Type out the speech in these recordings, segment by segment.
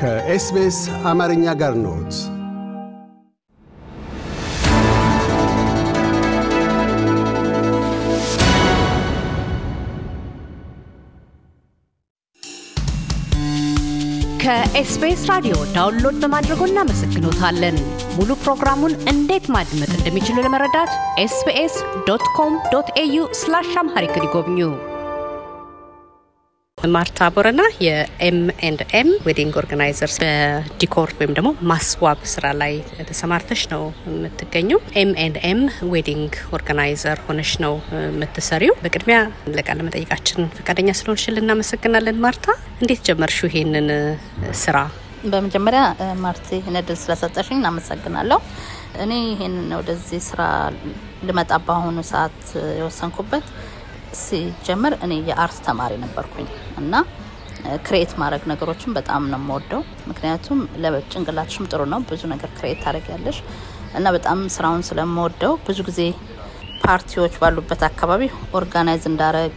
ከኤስቤስ አማርኛ ጋር ነት ከኤስቤስ ራዲዮ ዳውንሎድ በማድረጎ እናመሰግኖታለን። ሙሉ ፕሮግራሙን እንዴት ማድመጥ እንደሚችሉ ለመረዳት ኤስቤስ ዶት ኮም ዶት ኤዩ ስላሽ አምሃሪክ ይጎብኙ። ማርታ ቦረና የኤም ኤንድ ኤም ዌዲንግ ኦርጋናይዘር በዲኮር ወይም ደግሞ ማስዋብ ስራ ላይ ተሰማርተሽ ነው የምትገኘው። ኤም ኤንድ ኤም ዌዲንግ ኦርጋናይዘር ሆነሽ ነው የምትሰሪው። በቅድሚያ ለቃለ መጠይቃችን ፈቃደኛ ስለሆንሽል እናመሰግናለን። ማርታ እንዴት ጀመርሽው ይሄንን ስራ? በመጀመሪያ ማርቲ ነድል ስለሰጠሽኝ እናመሰግናለሁ። እኔ ይህንን ወደዚህ ስራ ልመጣ በአሁኑ ሰዓት የወሰንኩበት ሲጀምር እኔ የአርት ተማሪ ነበርኩኝ እና ክሬት ማድረግ ነገሮችን በጣም ነው የምወደው። ምክንያቱም ለጭንቅላትሽም ጥሩ ነው፣ ብዙ ነገር ክሬት ታደርጊያለሽ እና በጣም ስራውን ስለምወደው ብዙ ጊዜ ፓርቲዎች ባሉበት አካባቢ ኦርጋናይዝ እንዳረግ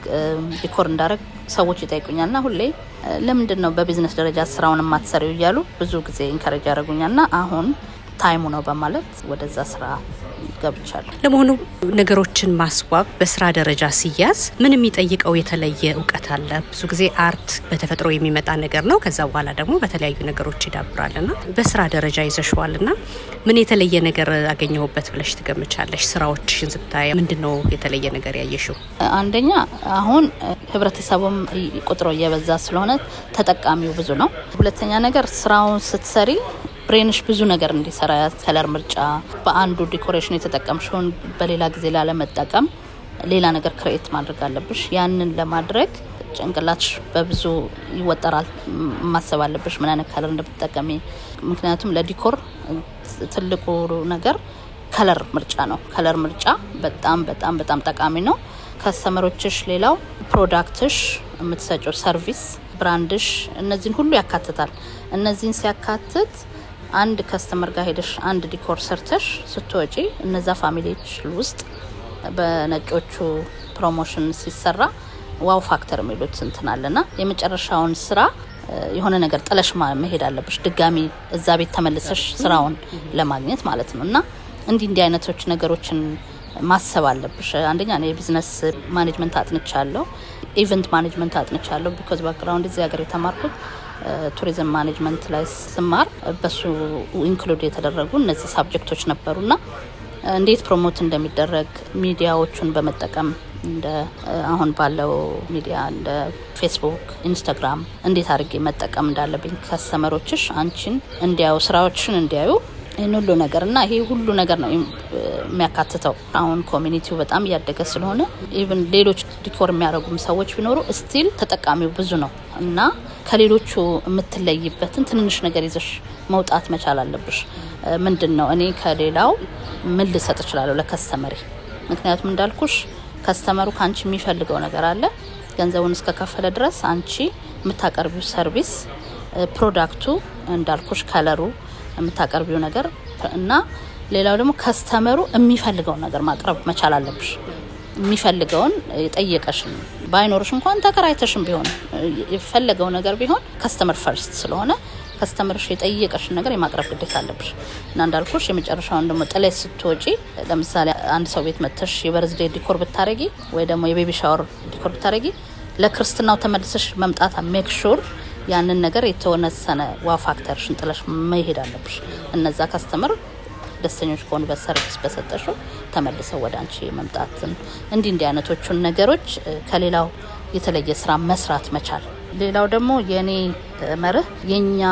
ዲኮር እንዳረግ ሰዎች ይጠይቁኛል ና ሁሌ ለምንድን ነው በቢዝነስ ደረጃ ስራውን የማትሰሪው እያሉ ብዙ ጊዜ ኢንከሬጅ ያደረጉኛል ና አሁን ታይሙ ነው በማለት ወደዛ ስራ ገብቻለሁ። ለመሆኑ ነገሮችን ማስዋብ በስራ ደረጃ ሲያዝ ምን የሚጠይቀው የተለየ እውቀት አለ? ብዙ ጊዜ አርት በተፈጥሮ የሚመጣ ነገር ነው። ከዛ በኋላ ደግሞ በተለያዩ ነገሮች ይዳብራልና በስራ ደረጃ ይዘሸዋልና ምን የተለየ ነገር አገኘሁበት ብለሽ ትገምቻለሽ? ስራዎችሽን ስታይ ምንድን ነው የተለየ ነገር ያየሽው? አንደኛ አሁን ህብረተሰቡም ቁጥሮ እየበዛ ስለሆነ ተጠቃሚው ብዙ ነው። ሁለተኛ ነገር ስራውን ስትሰሪ ብሬንሽ ብዙ ነገር እንዲሰራ ከለር ምርጫ፣ በአንዱ ዲኮሬሽን የተጠቀምሽውን በሌላ ጊዜ ላለመጠቀም ሌላ ነገር ክሬኤት ማድረግ አለብሽ። ያንን ለማድረግ ጭንቅላትሽ በብዙ ይወጠራል። ማሰብ አለብሽ ምን አይነት ከለር እንደምትጠቀሚ። ምክንያቱም ለዲኮር ትልቁ ነገር ከለር ምርጫ ነው። ከለር ምርጫ በጣም በጣም በጣም ጠቃሚ ነው። ከስተመሮችሽ፣ ሌላው ፕሮዳክትሽ፣ የምትሰጪው ሰርቪስ፣ ብራንድሽ፣ እነዚህን ሁሉ ያካትታል። እነዚህን ሲያካትት አንድ ከስተመር ጋር ሄደሽ አንድ ዲኮር ሰርተሽ ስትወጪ እነዛ ፋሚሊዎች ውስጥ በነቂዎቹ ፕሮሞሽን ሲሰራ ዋው ፋክተር የሚሉት እንትን አለና የመጨረሻውን ስራ የሆነ ነገር ጥለሽ መሄድ አለብሽ፣ ድጋሚ እዛ ቤት ተመልሰሽ ስራውን ለማግኘት ማለት ነው። እና እንዲህ እንዲህ አይነቶች ነገሮችን ማሰብ አለብሽ። አንደኛ የቢዝነስ ማኔጅመንት አጥንቻለሁ፣ ኢቨንት ማኔጅመንት አጥንቻለሁ። ቢኮዝ ባክግራውንድ እዚህ ሀገር የተማርኩት ቱሪዝም ማኔጅመንት ላይ ስማር በሱ ኢንክሉድ የተደረጉ እነዚህ ሳብጀክቶች ነበሩና እንዴት ፕሮሞት እንደሚደረግ ሚዲያዎቹን በመጠቀም እንደ አሁን ባለው ሚዲያ እንደ ፌስቡክ፣ ኢንስታግራም እንዴት አድርጌ መጠቀም እንዳለብኝ ከስተመሮችሽ አንቺን እንዲያዩ ስራዎችን እንዲያዩ ይህን ሁሉ ነገር እና ይሄ ሁሉ ነገር ነው የሚያካትተው። አሁን ኮሚኒቲው በጣም እያደገ ስለሆነ ኢቭን ሌሎች ዲኮር የሚያደርጉም ሰዎች ቢኖሩ ስቲል ተጠቃሚው ብዙ ነው እና ከሌሎቹ የምትለይበትን ትንንሽ ነገር ይዘሽ መውጣት መቻል አለብሽ። ምንድን ነው እኔ ከሌላው ምን ልሰጥ እችላለሁ ለከስተመሪ? ምክንያቱም እንዳልኩሽ ከስተመሩ ከአንቺ የሚፈልገው ነገር አለ። ገንዘቡን እስከከፈለ ድረስ አንቺ የምታቀርቢው ሰርቪስ፣ ፕሮዳክቱ፣ እንዳልኩሽ ከለሩ፣ የምታቀርቢው ነገር እና ሌላው ደግሞ ከስተመሩ የሚፈልገውን ነገር ማቅረብ መቻል አለብሽ። የሚፈልገውን የጠየቀሽን ባይኖርሽ እንኳን ተከራይተሽም ቢሆን የፈለገው ነገር ቢሆን ከስተመር ፈርስት ስለሆነ ከስተመርሽ የጠየቀሽን ነገር የማቅረብ ግዴታ አለብሽ እና እንዳልኩሽ የመጨረሻውን ደግሞ ጥለሽ ስትወጪ፣ ለምሳሌ አንድ ሰው ቤት መጥተሽ የበርዝዴ ዲኮር ብታረጊ ወይ ደግሞ የቤቢ ሻወር ዲኮር ብታረጊ ለክርስትናው ተመልሰሽ መምጣት ሜክ ሹር ያንን ነገር የተወነሰነ ዋ ፋክተርሽን ጥለሽ መሄድ አለብሽ። እነዛ ከስተመር ደስተኞች ከሆኑ በሰርቪስ በሰጠሹ ተመልሰው ወደ አንቺ መምጣትን እንዲህ እንዲህ አይነቶቹን ነገሮች ከሌላው የተለየ ስራ መስራት መቻል። ሌላው ደግሞ የእኔ መርህ የእኛ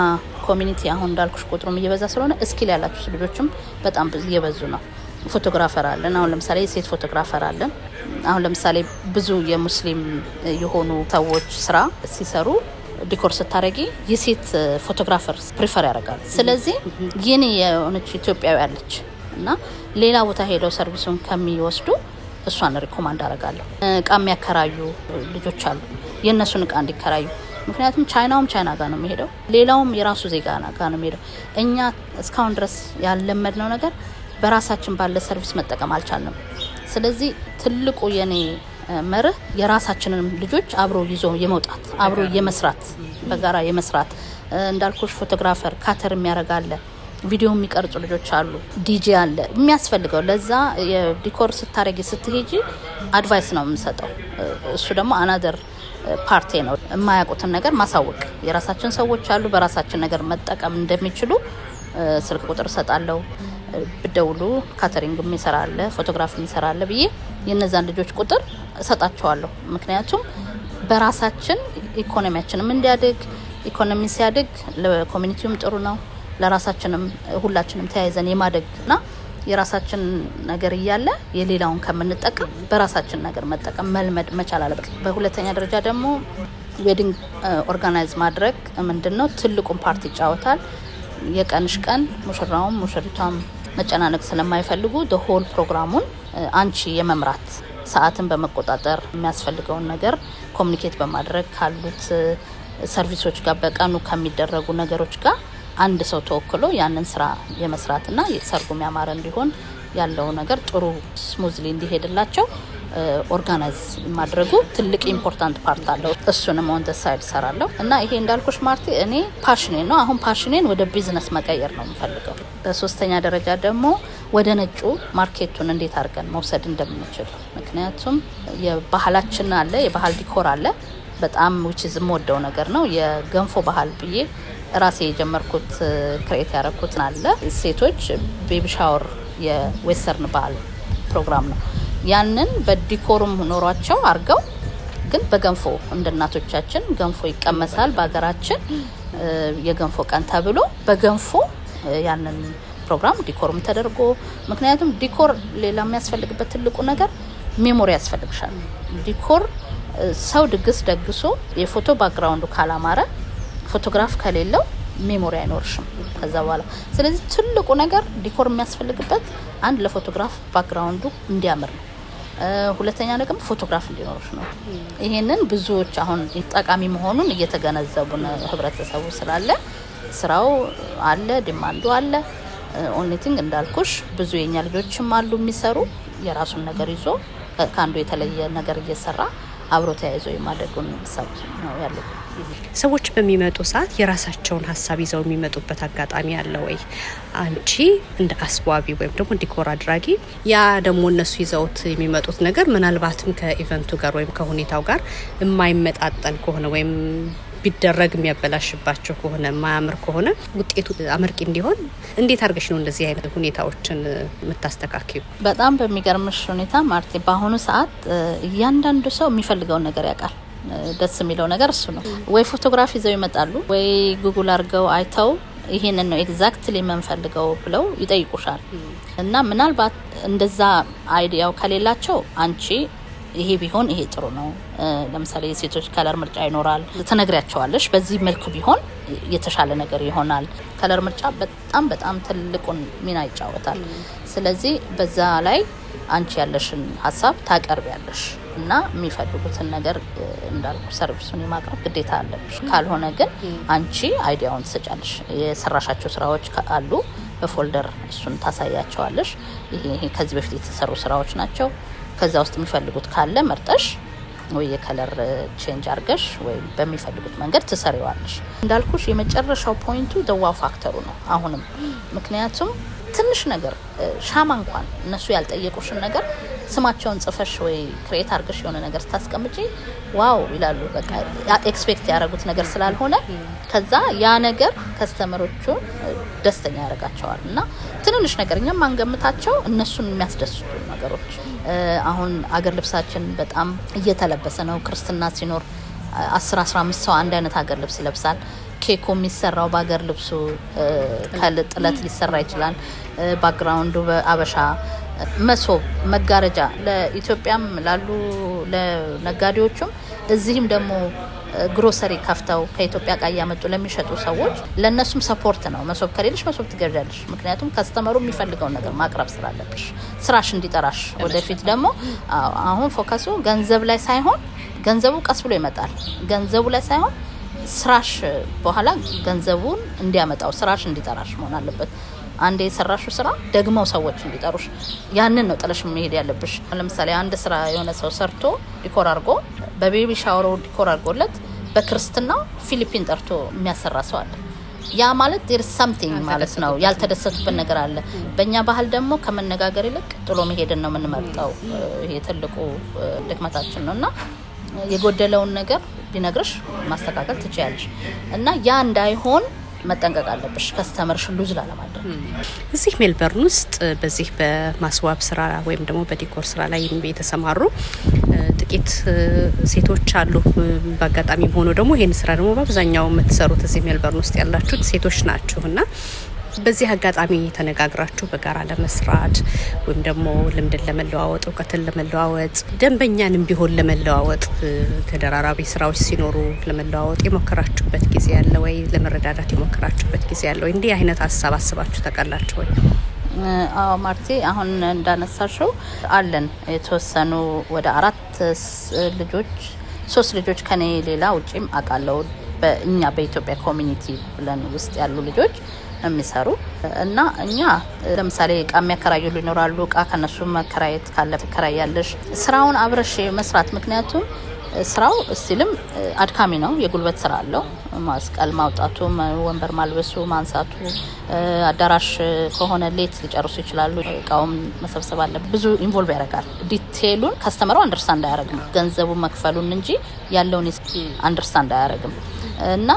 ኮሚኒቲ አሁን እንዳልኩሽ ቁጥሩም እየበዛ ስለሆነ እስኪል ያላችሁ ልጆችም በጣም እየበዙ ነው። ፎቶግራፈር አለን። አሁን ለምሳሌ የሴት ፎቶግራፈር አለን። አሁን ለምሳሌ ብዙ የሙስሊም የሆኑ ሰዎች ስራ ሲሰሩ ዲኮር ስታደረጊ የሴት ፎቶግራፈር ፕሪፈር ያደርጋል። ስለዚህ የኔ የሆነች ኢትዮጵያዊ ያለች እና ሌላ ቦታ ሄደው ሰርቪሱን ከሚወስዱ እሷን ሪኮማንድ አደርጋለሁ። እቃ የሚያከራዩ ልጆች አሉ፣ የእነሱን እቃ እንዲከራዩ። ምክንያቱም ቻይናውም ቻይና ጋር ነው የሚሄደው፣ ሌላውም የራሱ ዜጋ ጋር ነው የሚሄደው። እኛ እስካሁን ድረስ ያለመድነው ነገር በራሳችን ባለ ሰርቪስ መጠቀም አልቻልንም። ስለዚህ ትልቁ የኔ መርህ የራሳችንንም ልጆች አብሮ ይዞ የመውጣት አብሮ የመስራት በጋራ የመስራት እንዳልኮች ፎቶግራፈር ካተር የሚያደርጋለ ቪዲዮ የሚቀርጹ ልጆች አሉ። ዲጂ አለ የሚያስፈልገው። ለዛ የዲኮር ስታደረግ ስትሄጂ አድቫይስ ነው የምንሰጠው። እሱ ደግሞ አናደር ፓርቴ ነው የማያውቁትን ነገር ማሳወቅ። የራሳችን ሰዎች አሉ፣ በራሳችን ነገር መጠቀም እንደሚችሉ ስልክ ቁጥር እሰጣለሁ። ብደውሉ ካተሪንግ ይሰራለ ፎቶግራፍ ይሰራለ ብዬ የነዛን ልጆች ቁጥር እሰጣቸዋለሁ። ምክንያቱም በራሳችን ኢኮኖሚያችንም እንዲያድግ ኢኮኖሚ ሲያድግ ለኮሚኒቲውም ጥሩ ነው። ለራሳችንም ሁላችንም ተያይዘን የማደግ እና የራሳችን ነገር እያለ የሌላውን ከምንጠቀም በራሳችን ነገር መጠቀም መልመድ መቻል አለበት። በሁለተኛ ደረጃ ደግሞ ዌዲንግ ኦርጋናይዝ uh, ማድረግ ምንድን ነው ትልቁን ፓርቲ ይጫወታል። የቀንሽ ቀን ሙሽራውም ሙሽሪቷም መጨናነቅ ስለማይፈልጉ ሆል ፕሮግራሙን አንቺ የመምራት ሰዓትን በመቆጣጠር የሚያስፈልገውን ነገር ኮሚኒኬት በማድረግ ካሉት ሰርቪሶች ጋር በቀኑ ከሚደረጉ ነገሮች ጋር አንድ ሰው ተወክሎ ያንን ስራ የመስራትና ሰርጉም የሚያማረ እንዲሆን ያለው ነገር ጥሩ ስሙዝሊ እንዲሄድላቸው ኦርጋናይዝ ማድረጉ ትልቅ ኢምፖርታንት ፓርት አለው። እሱንም ኦን ሳይድ ሰራለሁ እና ይሄ እንዳልኩሽ ማርቲ እኔ ፓሽኔ ነው። አሁን ፓሽኔን ወደ ቢዝነስ መቀየር ነው የምፈልገው። በሶስተኛ ደረጃ ደግሞ ወደ ነጩ ማርኬቱን እንዴት አድርገን መውሰድ እንደምንችል ምክንያቱም የባህላችን አለ የባህል ዲኮር አለ በጣም ውች የምወደው ነገር ነው የገንፎ ባህል ብዬ ራሴ የጀመርኩት ክሬት ያረኩትን አለ ሴቶች ቤቢ ሻወር የዌስተርን ባህል ፕሮግራም ነው። ያንን በዲኮርም ኖሯቸው አርገው ግን በገንፎ እንደ እናቶቻችን ገንፎ ይቀመሳል። በሀገራችን የገንፎ ቀን ተብሎ በገንፎ ያንን ፕሮግራም ዲኮርም ተደርጎ ምክንያቱም ዲኮር ሌላ የሚያስፈልግበት ትልቁ ነገር ሜሞሪ ያስፈልግሻል። ዲኮር ሰው ድግስ ደግሶ የፎቶ ባክግራውንዱ ካላማረ ፎቶግራፍ ከሌለው ሜሞሪ አይኖርሽም ከዛ በኋላ። ስለዚህ ትልቁ ነገር ዲኮር የሚያስፈልግበት አንድ ለፎቶግራፍ ባክግራውንዱ እንዲያምር ነው። ሁለተኛ ደግሞ ፎቶግራፍ እንዲኖርሽ ነው። ይሄንን ብዙዎች አሁን ጠቃሚ መሆኑን እየተገነዘቡ ህብረተሰቡ ስላለ ስራው አለ፣ ዲማንዱ አለ። ኦንሊቲንግ እንዳልኩሽ ብዙ የኛ ልጆችም አሉ የሚሰሩ የራሱን ነገር ይዞ ከአንዱ የተለየ ነገር እየሰራ አብሮ ተያይዞ የማደጉን ሰብ ነው ያለው። ሰዎች በሚመጡ ሰዓት የራሳቸውን ሀሳብ ይዘው የሚመጡበት አጋጣሚ አለ ወይ? አንቺ እንደ አስዋቢ ወይም ደግሞ ዲኮር አድራጊ፣ ያ ደግሞ እነሱ ይዘውት የሚመጡት ነገር ምናልባትም ከኢቨንቱ ጋር ወይም ከሁኔታው ጋር የማይመጣጠን ከሆነ ወይም ቢደረግ የሚያበላሽባቸው ከሆነ የማያምር ከሆነ ውጤቱ አመርቂ እንዲሆን እንዴት አድርገሽ ነው እንደዚህ አይነት ሁኔታዎችን የምታስተካክዩ? በጣም በሚገርምሽ ሁኔታ ማርቴ፣ በአሁኑ ሰዓት እያንዳንዱ ሰው የሚፈልገውን ነገር ያውቃል። ደስ የሚለው ነገር እሱ ነው። ወይ ፎቶግራፍ ይዘው ይመጣሉ፣ ወይ ጉግል አድርገው አይተው ይሄንን ነው ኤግዛክትሊ የምንፈልገው ብለው ይጠይቁሻል። እና ምናልባት እንደዛ አይዲያው ከሌላቸው አንቺ ይሄ ቢሆን ይሄ ጥሩ ነው። ለምሳሌ የሴቶች ከለር ምርጫ ይኖራል፣ ተነግሪያቸዋለሽ። በዚህ መልኩ ቢሆን የተሻለ ነገር ይሆናል። ከለር ምርጫ በጣም በጣም ትልቁን ሚና ይጫወታል። ስለዚህ በዛ ላይ አንቺ ያለሽን ሀሳብ ታቀርቢያለሽ። እና የሚፈልጉትን ነገር እንዳልኩ ሰርቪሱን የማቅረብ ግዴታ አለብሽ። ካልሆነ ግን አንቺ አይዲያውን ትሰጫለሽ። የሰራሻቸው ስራዎች አሉ በፎልደር እሱን ታሳያቸዋለሽ። ይሄ ከዚህ በፊት የተሰሩ ስራዎች ናቸው። ከዛ ውስጥ የሚፈልጉት ካለ መርጠሽ ወይ የከለር ቼንጅ አርገሽ ወይም በሚፈልጉት መንገድ ትሰሪዋለሽ። እንዳልኩሽ የመጨረሻው ፖይንቱ ደዋው ፋክተሩ ነው አሁንም ምክንያቱም ትንሽ ነገር ሻማ እንኳን እነሱ ያልጠየቁሽን ነገር ስማቸውን ጽፈሽ ወይ ክሬት አድርገሽ የሆነ ነገር ስታስቀምጪ ዋው ይላሉ። በቃ ኤክስፔክት ያደረጉት ነገር ስላልሆነ ከዛ ያ ነገር ከስተመሮቹ ደስተኛ ያደርጋቸዋል። እና ትንንሽ ነገር እኛም አንገምታቸው እነሱን የሚያስደስቱ ነገሮች አሁን አገር ልብሳችን በጣም እየተለበሰ ነው። ክርስትና ሲኖር አስር አስራ አምስት ሰው አንድ አይነት አገር ልብስ ይለብሳል። ኬኮ የሚሰራው በሀገር ልብሱ ከጥለት ሊሰራ ይችላል። ባክግራውንዱ በአበሻ መሶብ፣ መጋረጃ ለኢትዮጵያም ላሉ ለነጋዴዎቹም እዚህም ደግሞ ግሮሰሪ ከፍተው ከኢትዮጵያ ቃ እያመጡ ለሚሸጡ ሰዎች ለእነሱም ሰፖርት ነው። መሶብ ከሌለሽ መሶብ ትገዣለሽ። ምክንያቱም ከስተመሩ የሚፈልገውን ነገር ማቅረብ ስላለብሽ ስራሽ እንዲጠራሽ። ወደፊት ደግሞ አሁን ፎከሱ ገንዘብ ላይ ሳይሆን ገንዘቡ ቀስ ብሎ ይመጣል። ገንዘቡ ላይ ሳይሆን ስራሽ በኋላ ገንዘቡን እንዲያመጣው ስራሽ እንዲጠራሽ መሆን አለበት። አንድ የሰራሹ ስራ ደግመው ሰዎች እንዲጠሩሽ ያንን ነው ጥለሽ መሄድ ያለብሽ። ለምሳሌ አንድ ስራ የሆነ ሰው ሰርቶ ዲኮር አድርጎ በቤቢ ሻወሮ ዲኮር አርጎለት በክርስትና ፊሊፒን ጠርቶ የሚያሰራ ሰው አለ። ያ ማለት ር ሳምቲንግ ማለት ነው። ያልተደሰቱበት ነገር አለ። በእኛ ባህል ደግሞ ከመነጋገር ይልቅ ጥሎ መሄድን ነው የምንመርጠው። ይሄ ትልቁ ድክመታችን ነው እና የጎደለውን ነገር ሊነግርሽ ማስተካከል ትችያለሽ። እና ያ እንዳይሆን መጠንቀቅ አለብሽ። ከስተመርሽ ሉዝ ላለማድረግ። እዚህ ሜልበርን ውስጥ በዚህ በማስዋብ ስራ ወይም ደግሞ በዲኮር ስራ ላይ የተሰማሩ ጥቂት ሴቶች አሉ። በአጋጣሚ ሆኖ ደግሞ ይህን ስራ ደግሞ በአብዛኛው የምትሰሩት እዚህ ሜልበርን ውስጥ ያላችሁት ሴቶች ናችሁ እና በዚህ አጋጣሚ ተነጋግራችሁ በጋራ ለመስራት ወይም ደግሞ ልምድን ለመለዋወጥ እውቀትን ለመለዋወጥ ደንበኛንም ቢሆን ለመለዋወጥ ተደራራቢ ስራዎች ሲኖሩ ለመለዋወጥ የሞከራችሁበት ጊዜ ያለ ወይ? ለመረዳዳት የሞከራችሁበት ጊዜ ያለ ወይ? እንዲህ አይነት ሀሳብ አስባችሁ ታውቃላችሁ ወይ? አዎ ማርቲ፣ አሁን እንዳነሳሽው አለን የተወሰኑ ወደ አራት ልጆች ሶስት ልጆች ከኔ ሌላ ውጭም አውቃለሁ። በእኛ በኢትዮጵያ ኮሚኒቲ ብለን ውስጥ ያሉ ልጆች የሚሰሩ እና እኛ ለምሳሌ እቃ የሚያከራዩ ይኖራሉ። እቃ ከነሱ መከራየት ካለ ትከራያለሽ፣ ስራውን አብረሽ መስራት ምክንያቱም ስራው እስቲልም አድካሚ ነው። የጉልበት ስራ አለው። ማስቀል ማውጣቱ፣ ወንበር ማልበሱ፣ ማንሳቱ፣ አዳራሽ ከሆነ ሌት ሊጨርሱ ይችላሉ። እቃውም መሰብሰብ አለ። ብዙ ኢንቮልቭ ያደርጋል። ዲቴሉን ከስተመረው አንደርስታንድ አያደርግም። ገንዘቡ መክፈሉን እንጂ ያለውን አንደርስታንድ አያደርግም እና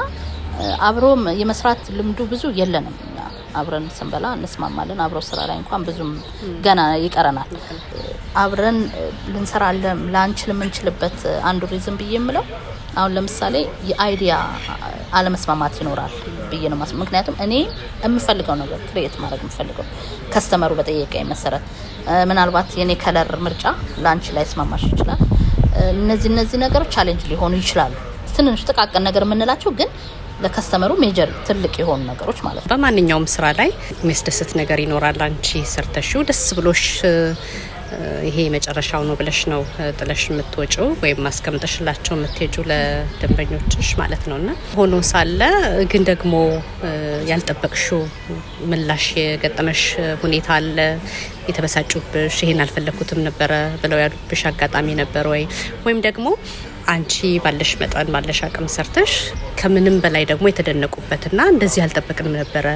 አብሮም የመስራት ልምዱ ብዙ የለንም። አብረን ስንበላ እንስማማለን። አብረው ስራ ላይ እንኳን ብዙም ገና ይቀረናል። አብረን ልንሰራለን ላንችል የምንችልበት አንዱ ሪዝም ብዬ የምለው አሁን ለምሳሌ የአይዲያ አለመስማማት ይኖራል ብዬ ነው። ምክንያቱም እኔ የምፈልገው ነገር ክሬት ማድረግ የምፈልገው ከስተመሩ በጠየቀኝ መሰረት ምናልባት የኔ ከለር ምርጫ ላንች ላይ ስማማሽ ይችላል። እነዚህ እነዚህ ነገሮች ቻሌንጅ ሊሆኑ ይችላሉ። ትንንሽ ጥቃቅን ነገር የምንላቸው ግን ለከስተመሩ ሜጀር ትልቅ የሆኑ ነገሮች ማለት ነው። በማንኛውም ስራ ላይ የሚያስደስት ነገር ይኖራል። አንቺ ሰርተሽው ደስ ብሎሽ ይሄ መጨረሻው ነው ብለሽ ነው ጥለሽ የምትወጪው ወይም ማስቀምጠሽላቸው የምትሄጁ ለደንበኞችሽ ማለት ነው። እና ሆኖ ሳለ ግን ደግሞ ያልጠበቅሽው ምላሽ የገጠመሽ ሁኔታ አለ። የተበሳጩብሽ፣ ይሄን አልፈለግኩትም ነበረ ብለው ያሉብሽ አጋጣሚ ነበር ወይ? ወይም ደግሞ አንቺ ባለሽ መጠን ባለሽ አቅም ሰርተሽ ከምንም በላይ ደግሞ የተደነቁበትና እንደዚህ አልጠበቅንም ነበረ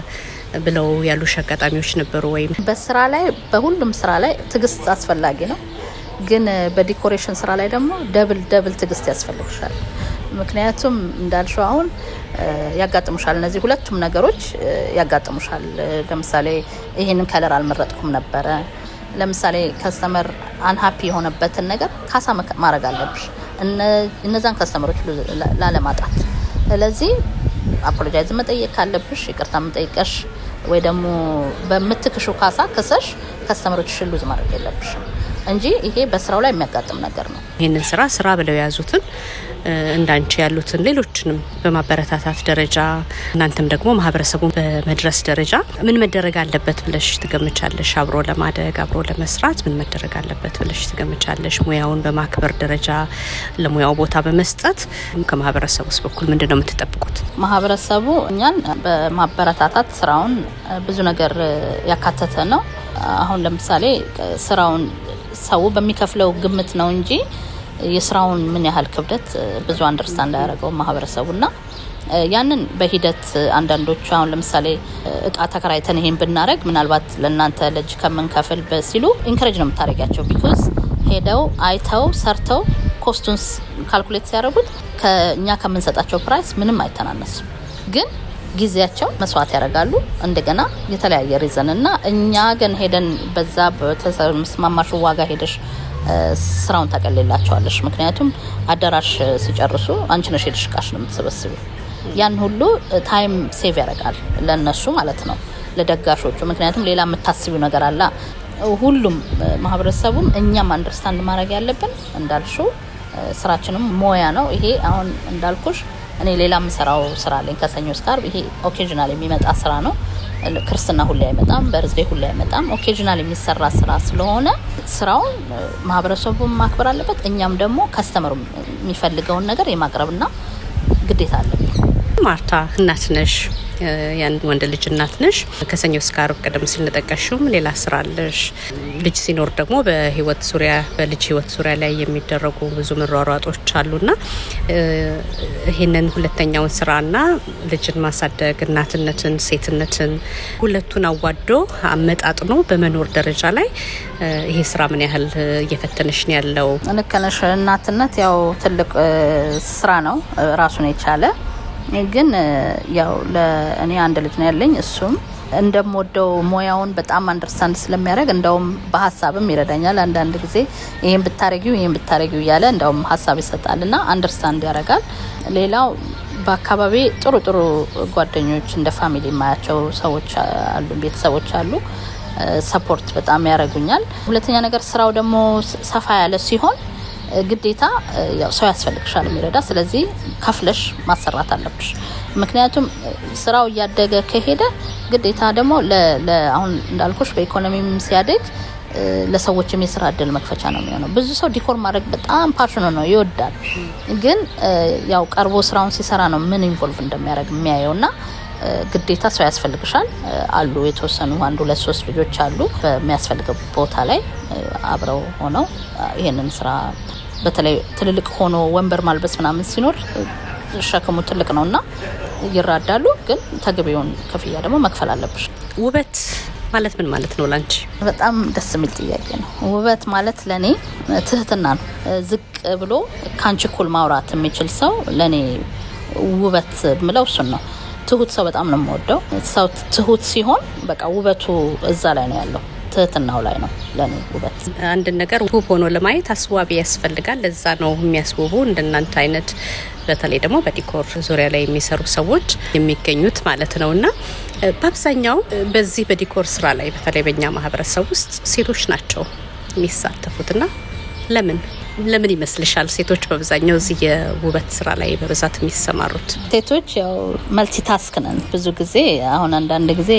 ብለው ያሉሽ አጋጣሚዎች ነበሩ ወይም? በስራ ላይ በሁሉም ስራ ላይ ትግስት አስፈላጊ ነው። ግን በዲኮሬሽን ስራ ላይ ደግሞ ደብል ደብል ትዕግስት ያስፈልግሻል። ምክንያቱም እንዳልሽው አሁን ያጋጥሙሻል፣ እነዚህ ሁለቱም ነገሮች ያጋጥሙሻል። ለምሳሌ ይህንን ከለር አልመረጥኩም ነበረ። ለምሳሌ ከስተመር አንሃፒ የሆነበትን ነገር ካሳ ማድረግ አለብሽ። እነዛን ከስተመሮች ላለማጣት። ስለዚህ አፖሎጃይዝ መጠየቅ ካለብሽ ይቅርታ መጠይቀሽ ወይ ደግሞ በምትክሹ ካሳ ክሰሽ ከስተመሮች ሽሉዝ ማድረግ የለብሽም እንጂ ይሄ በስራው ላይ የሚያጋጥም ነገር ነው። ይህንን ስራ ስራ ብለው የያዙትን እንዳንቺ ያሉትን ሌሎችንም በማበረታታት ደረጃ እናንተም ደግሞ ማህበረሰቡን በመድረስ ደረጃ ምን መደረግ አለበት ብለሽ ትገምቻለሽ? አብሮ ለማደግ አብሮ ለመስራት ምን መደረግ አለበት ብለሽ ትገምቻለሽ? ሙያውን በማክበር ደረጃ ለሙያው ቦታ በመስጠት ውስጥ በኩል ምንድን ነው የምትጠብቁት? ማህበረሰቡ እኛን በማበረታታት ስራውን ብዙ ነገር ያካተተ ነው። አሁን ለምሳሌ ስራውን ሰው በሚከፍለው ግምት ነው እንጂ የስራውን ምን ያህል ክብደት ብዙ አንደርስታንድ ማህበረሰቡ ማህበረሰቡና ያንን በሂደት አንዳንዶቹ አሁን ለምሳሌ እቃ ተከራይተን ይሄን ብናደረግ ምናልባት ለእናንተ ልጅ ከምንከፍል ሲሉ ኢንከሬጅ ነው የምታደረጊያቸው ቢኮዝ ሄደው አይተው ሰርተው ኮስቱን ካልኩሌት ሲያደረጉት ከእኛ ከምንሰጣቸው ፕራይስ ምንም አይተናነሱም። ግን ጊዜያቸው መስዋዕት ያደርጋሉ። እንደገና የተለያየ ሪዘን እና እኛ ግን ሄደን በዛ በተስማማሹ ዋጋ ሄደሽ ስራውን ታቀልላቸዋለሽ። ምክንያቱም አዳራሽ ሲጨርሱ አንቺ ነሽ ሄደሽ እቃሽ ነው የምትሰበስቢው። ያን ሁሉ ታይም ሴቭ ያደርጋል ለነሱ ማለት ነው ለደጋሾቹ። ምክንያቱም ሌላ የምታስቢው ነገር አላ ሁሉም ማህበረሰቡም እኛም አንደርስታንድ ማድረግ ያለብን እንዳልሽው ስራችንም ሞያ ነው። ይሄ አሁን እንዳልኩሽ እኔ ሌላ የምሰራው ስራ አለኝ ከሰኞ እስከ ዓርብ። ይሄ ኦኬዥናል የሚመጣ ስራ ነው። ክርስትና ሁሌ አይመጣም፣ በርዝዴ ሁሌ አይመጣም። ኦኬዥናል የሚሰራ ስራ ስለሆነ ስራውን ማህበረሰቡ ማክበር አለበት። እኛም ደግሞ ከስተመሩ የሚፈልገውን ነገር የማቅረብና ግዴታ አለብን። ማርታ እናት ነሽ፣ የአንድ ወንድ ልጅ እናት ነሽ። ከሰኞ እስከ አርብ ቀደም ሲል እንደጠቀሽውም ሌላ ስራ አለሽ። ልጅ ሲኖር ደግሞ በህይወት ዙሪያ በልጅ ህይወት ዙሪያ ላይ የሚደረጉ ብዙ መሯሯጦች አሉና ይህንን ሁለተኛውን ስራና ልጅን ማሳደግ እናትነትን፣ ሴትነትን ሁለቱን አዋዶ አመጣጥኖ በመኖር ደረጃ ላይ ይሄ ስራ ምን ያህል እየፈተነሽ ያለው? ልክ ነሽ። እናትነት ያው ትልቅ ስራ ነው ራሱን የቻለ ግን ያው ለእኔ አንድ ልጅ ነው ያለኝ እሱም እንደምወደው ሙያውን በጣም አንደርስታንድ ስለሚያደርግ እንደውም በሀሳብም ይረዳኛል። አንዳንድ ጊዜ ይህን ብታረጊው ይህን ብታረጊው እያለ እንደውም ሀሳብ ይሰጣል እና አንደርስታንድ ያደርጋል። ሌላው በአካባቢ ጥሩ ጥሩ ጓደኞች እንደ ፋሚሊ የማያቸው ሰዎች አሉ፣ ቤተሰቦች አሉ። ሰፖርት በጣም ያደርጉኛል። ሁለተኛ ነገር ስራው ደግሞ ሰፋ ያለ ሲሆን ግዴታ ያው ሰው ያስፈልግሻል የሚረዳ። ስለዚህ ከፍለሽ ማሰራት አለብሽ። ምክንያቱም ስራው እያደገ ከሄደ ግዴታ ደግሞ አሁን እንዳልኩሽ በኢኮኖሚም ሲያደግ ለሰዎችም የስራ እድል መክፈቻ ነው የሚሆነው። ብዙ ሰው ዲኮር ማድረግ በጣም ፓሽኑ ነው ይወዳል፣ ግን ያው ቀርቦ ስራውን ሲሰራ ነው ምን ኢንቮልቭ እንደሚያደርግ የሚያየው ና ግዴታ ሰው ያስፈልግሻል። አሉ የተወሰኑ አንድ ሁለት ሶስት ልጆች አሉ በሚያስፈልገው ቦታ ላይ አብረው ሆነው ይህንን ስራ በተለይ ትልልቅ ሆኖ ወንበር ማልበስ ምናምን ሲኖር ሸክሙ ትልቅ ነው እና ይራዳሉ። ግን ተገቢውን ክፍያ ደግሞ መክፈል አለብሽ። ውበት ማለት ምን ማለት ነው ላንቺ? በጣም ደስ የሚል ጥያቄ ነው። ውበት ማለት ለእኔ ትህትና ነው። ዝቅ ብሎ ከአንቺ እኩል ማውራት የሚችል ሰው ለእኔ ውበት ምለው እሱን ነው። ትሁት ሰው በጣም ነው የምወደው። ሰው ትሁት ሲሆን በቃ ውበቱ እዛ ላይ ነው ያለው። ትህትናው ላይ ነው ለኔ ውበት። አንድን ነገር ውብ ሆኖ ለማየት አስዋቢ ያስፈልጋል። ለዛ ነው የሚያስውቡ እንደናንተ አይነት በተለይ ደግሞ በዲኮር ዙሪያ ላይ የሚሰሩ ሰዎች የሚገኙት ማለት ነው። እና በአብዛኛው በዚህ በዲኮር ስራ ላይ በተለይ በእኛ ማህበረሰብ ውስጥ ሴቶች ናቸው የሚሳተፉት እና ለምን ለምን ይመስልሻል ሴቶች በአብዛኛው እዚህ የውበት ስራ ላይ በብዛት የሚሰማሩት? ሴቶች ያው መልቲታስክ ነን ብዙ ጊዜ አሁን አንዳንድ ጊዜ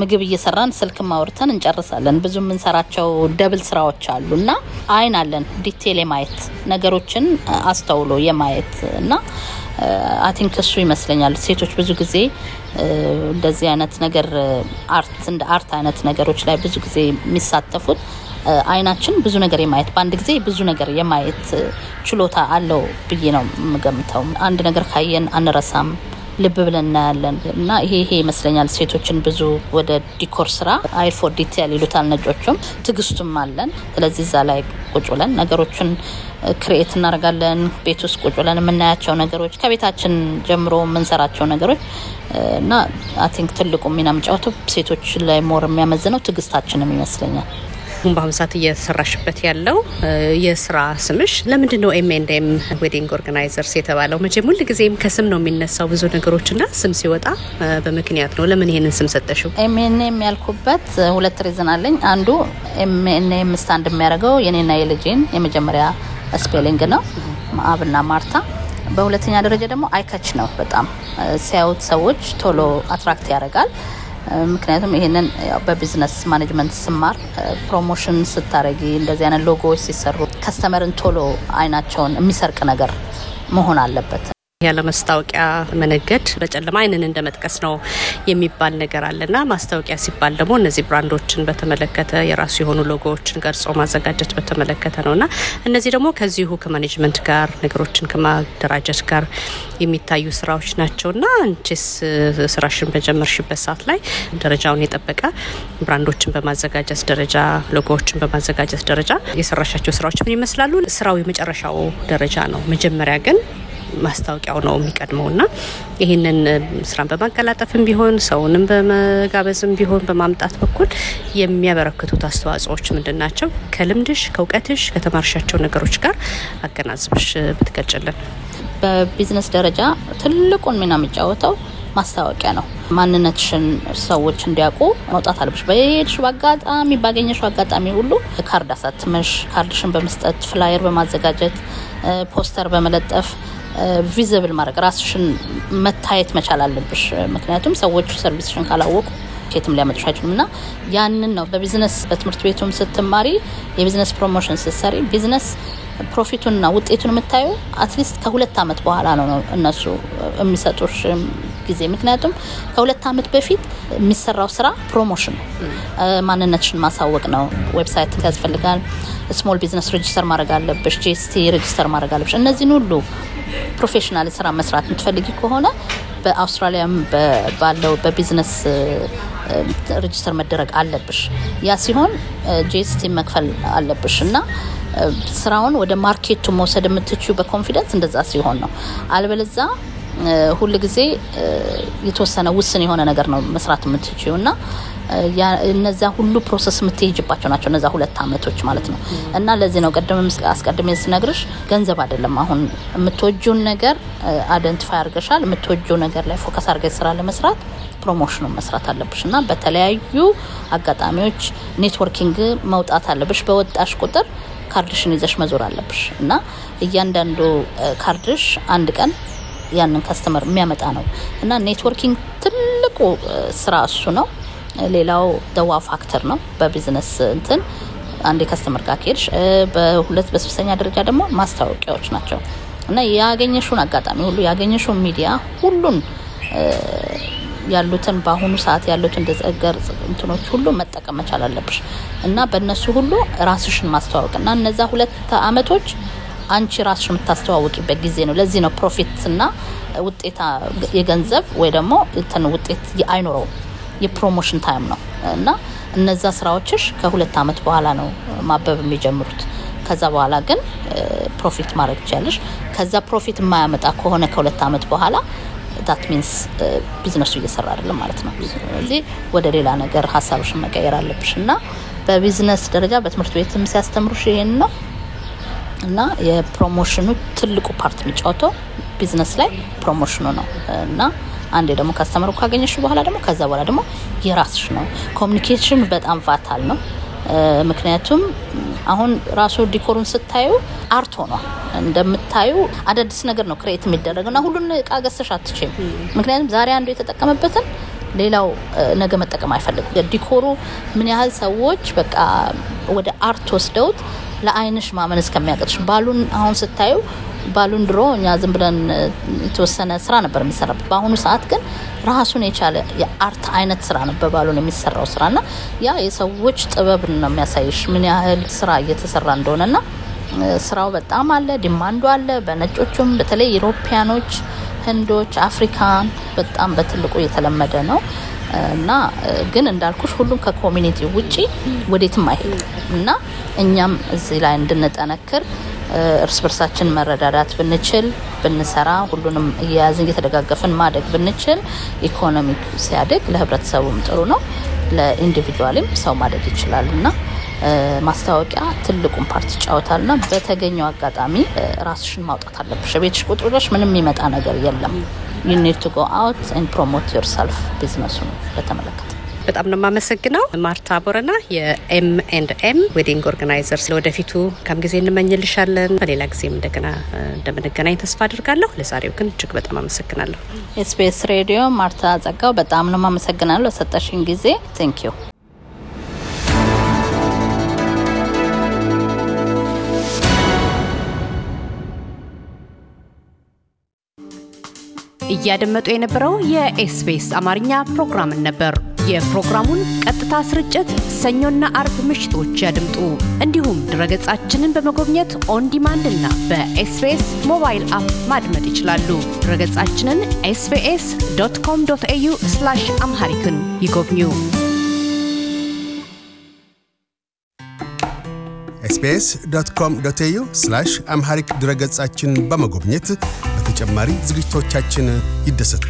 ምግብ እየሰራን ስልክ ማውርተን እንጨርሳለን። ብዙ የምንሰራቸው ደብል ስራዎች አሉ እና አይን አለን ዲቴል የማየት ነገሮችን አስተውሎ የማየት እና አቲንክ ቲንክ እሱ ይመስለኛል ሴቶች ብዙ ጊዜ እንደዚህ አይነት ነገር አርት እንደ አርት አይነት ነገሮች ላይ ብዙ ጊዜ የሚሳተፉት አይናችን ብዙ ነገር የማየት በአንድ ጊዜ ብዙ ነገር የማየት ችሎታ አለው ብዬ ነው የምገምተው። አንድ ነገር ካየን አንረሳም። ልብ ብለን እናያለን። እና ይሄ ይሄ ይመስለኛል ሴቶችን ብዙ ወደ ዲኮር ስራ አይፎር ዲቴል ይሉታል ነጮቹም። ትግስቱም አለን። ስለዚህ እዛ ላይ ቁጭ ብለን ነገሮችን ክሬኤት እናደርጋለን። ቤት ውስጥ ቁጭ ብለን የምናያቸው ነገሮች ከቤታችን ጀምሮ የምንሰራቸው ነገሮች እና አይ ቲንክ ትልቁ ሚና የሚጫወቱ ሴቶች ላይ ሞር የሚያመዝነው ትግስታችንም ይመስለኛል። አሁን በአሁኑ ሰዓት እየተሰራሽበት ያለው የስራ ስምሽ ለምንድን ነው? ኤም ኤንድ ኤም ዌዲንግ ኦርጋናይዘርስ የተባለው መቼም ሁል ጊዜም ከስም ነው የሚነሳው ብዙ ነገሮችና ስም ሲወጣ በምክንያት ነው። ለምን ይህንን ስም ሰጠሽው? ኤም ኤን ኤም ያልኩበት ሁለት ሪዝን አለኝ። አንዱ ኤም ኤም ስታንድ የሚያደርገው የኔና የልጅን የመጀመሪያ ስፔሊንግ ነው አብና ማርታ በሁለተኛ ደረጃ ደግሞ አይከች ነው። በጣም ሲያዩት ሰዎች ቶሎ አትራክት ያደርጋል። ምክንያቱም ይሄንን በቢዝነስ ማኔጅመንት ስማር ፕሮሞሽን ስታረጊ እንደዚህ አይነት ሎጎዎች ሲሰሩ ከስተመርን ቶሎ አይናቸውን የሚሰርቅ ነገር መሆን አለበት። ያለ ማስታወቂያ መነገድ በጨለማ አይንን እንደ መጥቀስ ነው የሚባል ነገር አለና ማስታወቂያ ሲባል ደግሞ እነዚህ ብራንዶችን በተመለከተ የራሱ የሆኑ ሎጎዎችን ገርጾ ማዘጋጀት በተመለከተ ነው እና እነዚህ ደግሞ ከዚሁ ከማኔጅመንት ጋር ነገሮችን ከማደራጀት ጋር የሚታዩ ስራዎች ናቸው እና አንቺስ ስራሽን በጀመርሽበት ሰዓት ላይ ደረጃውን የጠበቀ ብራንዶችን በማዘጋጀት ደረጃ ሎጎዎችን በማዘጋጀት ደረጃ የሰራሻቸው ስራዎች ምን ይመስላሉ? ስራው የመጨረሻው ደረጃ ነው። መጀመሪያ ግን ማስታወቂያው ነው የሚቀድመው እና ይህንን ስራን በማቀላጠፍም ቢሆን ሰውንም በመጋበዝም ቢሆን በማምጣት በኩል የሚያበረክቱት አስተዋጽኦዎች ምንድን ናቸው? ከልምድሽ፣ ከእውቀትሽ፣ ከተማርሻቸው ነገሮች ጋር አገናዝብሽ ብትገልጭልን። በቢዝነስ ደረጃ ትልቁን ሚና የሚጫወተው ማስታወቂያ ነው። ማንነትሽን ሰዎች እንዲያውቁ መውጣት አለብሽ። በሄድሽ በአጋጣሚ ባገኘሽው አጋጣሚ ሁሉ ካርድ አሳትመሽ ካርድሽን በመስጠት ፍላየር በማዘጋጀት ፖስተር በመለጠፍ ቪዘብል ማድረግ ራስሽን መታየት መቻል አለብሽ። ምክንያቱም ሰዎች ሰርቪስሽን ካላወቁ ኬትም ሊያመጡሽ አይችሉም እና ያንን ነው በቢዝነስ በትምህርት ቤቱም ስትማሪ የቢዝነስ ፕሮሞሽን ስትሰሪ ቢዝነስ ፕሮፊቱንና ውጤቱን የምታዩ አትሊስት ከሁለት ዓመት በኋላ ነው እነሱ የሚሰጡሽ ጊዜ። ምክንያቱም ከሁለት ዓመት በፊት የሚሰራው ስራ ፕሮሞሽን ነው፣ ማንነትሽን ማሳወቅ ነው። ዌብሳይት ያስፈልጋል። ስሞል ቢዝነስ ሬጅስተር ማድረግ አለብሽ፣ ጂኤስቲ ሬጅስተር ማድረግ አለብሽ። እነዚህን ሁሉ ፕሮፌሽናል ስራ መስራት የምትፈልጊ ከሆነ በአውስትራሊያም ባለው በቢዝነስ ሬጅስተር መደረግ አለብሽ። ያ ሲሆን ጂኤስቲ መክፈል አለብሽ እና ስራውን ወደ ማርኬቱ መውሰድ የምትች በኮንፊደንስ እንደዛ ሲሆን ነው። አልበለዛ ሁል ጊዜ የተወሰነ ውስን የሆነ ነገር ነው መስራት የምትችዩ እና እነዛ ሁሉ ፕሮሰስ የምትሄጅባቸው ናቸው እነዛ ሁለት አመቶች ማለት ነው። እና ለዚህ ነው ቀደም አስቀድሜ ስነግርሽ ገንዘብ አይደለም። አሁን የምትወጁን ነገር አደንቲፋይ አርገሻል። የምትወጁ ነገር ላይ ፎከስ አርገሽ ስራ ለመስራት ፕሮሞሽኑ መስራት አለብሽ እና በተለያዩ አጋጣሚዎች ኔትወርኪንግ መውጣት አለብሽ በወጣሽ ቁጥር ካርድሽን ይዘሽ መዞር አለብሽ እና እያንዳንዱ ካርድሽ አንድ ቀን ያንን ከስተመር የሚያመጣ ነው እና ኔትወርኪንግ ትልቁ ስራ እሱ ነው። ሌላው ደዋ ፋክተር ነው በቢዝነስ እንትን አንድ ከስተመር ጋር ከሄድሽ በሁለት በሶስተኛ ደረጃ ደግሞ ማስታወቂያዎች ናቸው እና ያገኘሽውን አጋጣሚ ሁሉ ያገኘሽውን ሚዲያ ሁሉን ያሉትን በአሁኑ ሰዓት ያሉትን እንደጸገር እንትኖች ሁሉ መጠቀም መቻል አለብሽ እና በእነሱ ሁሉ ራስሽን ማስተዋወቅ እና እነዛ ሁለት አመቶች አንቺ ራስሽ የምታስተዋውቂበት ጊዜ ነው። ለዚህ ነው ፕሮፊት እና ውጤታ የገንዘብ ወይ ደግሞ እንትን ውጤት አይኖረውም የፕሮሞሽን ታይም ነው እና እነዛ ስራዎችሽ ከሁለት አመት በኋላ ነው ማበብ የሚጀምሩት። ከዛ በኋላ ግን ፕሮፊት ማድረግ ትችያለሽ። ከዛ ፕሮፊት የማያመጣ ከሆነ ከሁለት አመት በኋላ ዛት ሚንስ ቢዝነሱ እየሰራ አይደለም ማለት ነው። ስለዚህ ወደ ሌላ ነገር ሀሳብሽን መቀየር አለብሽ እና በቢዝነስ ደረጃ በትምህርት ቤትም ሲያስተምሩሽ ይሄን ነው እና የፕሮሞሽኑ ትልቁ ፓርት የሚጫወተው ቢዝነስ ላይ ፕሮሞሽኑ ነው እና አንዴ ደግሞ ካስተምሩ ካገኘሽ በኋላ ደግሞ ከዛ በኋላ ደግሞ የራስሽ ነው። ኮሚኒኬሽን በጣም ቫታል ነው። ምክንያቱም አሁን ራሱ ዲኮሩን ስታዩ አርቶ ነው እንደምታዩ አዳዲስ ነገር ነው ክሬት የሚደረገው እና ሁሉን እቃ ገዝተሽ አትችም። ምክንያቱም ዛሬ አንዱ የተጠቀመበትን ሌላው ነገ መጠቀም አይፈልግም። ዲኮሩ ምን ያህል ሰዎች በቃ ወደ አርት ወስደውት ለአይንሽ ማመን እስከሚያቀጥሽ ባሉን አሁን ስታዩ ባሉን ድሮ እኛ ዝም ብለን የተወሰነ ስራ ነበር የሚሰራ በአሁኑ ሰዓት ግን ራሱን የቻለ የአርት አይነት ስራ ነው በባሉን የሚሰራው ስራ እና ያ የሰዎች ጥበብ ነው የሚያሳይሽ ምን ያህል ስራ እየተሰራ እንደሆነና ስራው በጣም አለ፣ ዲማንዱ አለ። በነጮቹም በተለይ ኢሮፓያኖች፣ ህንዶች፣ አፍሪካን በጣም በትልቁ እየተለመደ ነው እና ግን እንዳልኩሽ ሁሉም ከኮሚኒቲ ውጪ ወዴትም አይሄድ እና እኛም እዚህ ላይ እንድንጠነክር እርስ በርሳችን መረዳዳት ብንችል ብንሰራ ሁሉንም እየያዝን እየተደጋገፍን ማደግ ብንችል ኢኮኖሚ ሲያድግ ለህብረተሰቡም ጥሩ ነው፣ ለኢንዲቪድዋልም ሰው ማደግ ይችላል እና ማስታወቂያ ትልቁን ፓርት ይጫወታል እና በተገኘው አጋጣሚ ራስሽን ማውጣት አለብሽ። ቤትሽ ቁጭ ብለሽ ምንም የሚመጣ ነገር የለም። ዩ ኒድ ቱ ጎ አውት ኤንድ ፕሮሞት ዮርሰልፍ ቢዝነሱን በተመለከተ በጣም ነው የማመሰግነው። ማርታ ቦረና የኤም ኤንድ ኤም ዌዲንግ ኦርጋናይዘር። ለወደፊቱ ከም ጊዜ እንመኝልሻለን። በሌላ ጊዜም እንደገና እንደምንገናኝ ተስፋ አድርጋለሁ። ለዛሬው ግን እጅግ በጣም አመሰግናለሁ። ኤስቢኤስ ሬዲዮ ማርታ ጸጋው፣ በጣም ነው የማመሰግናለሁ ሰጠሽን ጊዜ ቴንክ ዩ። እያደመጡ የነበረው የኤስቢኤስ አማርኛ ፕሮግራምን ነበር። የፕሮግራሙን ቀጥታ ስርጭት ሰኞና አርብ ምሽቶች ያድምጡ። እንዲሁም ድረገጻችንን በመጎብኘት ኦን ዲማንድ እና በኤስቤስ ሞባይል አፕ ማድመጥ ይችላሉ። ድረገጻችንን ኤስቤስ ዶት ኮም ዶት ኤዩ አምሃሪክን ይጎብኙ። ኤስቢኤስ ዶት ኮም ዶት ኤዩ አምሃሪክ ድረገጻችን በመጎብኘት በተጨማሪ ዝግጅቶቻችን ይደሰቱ።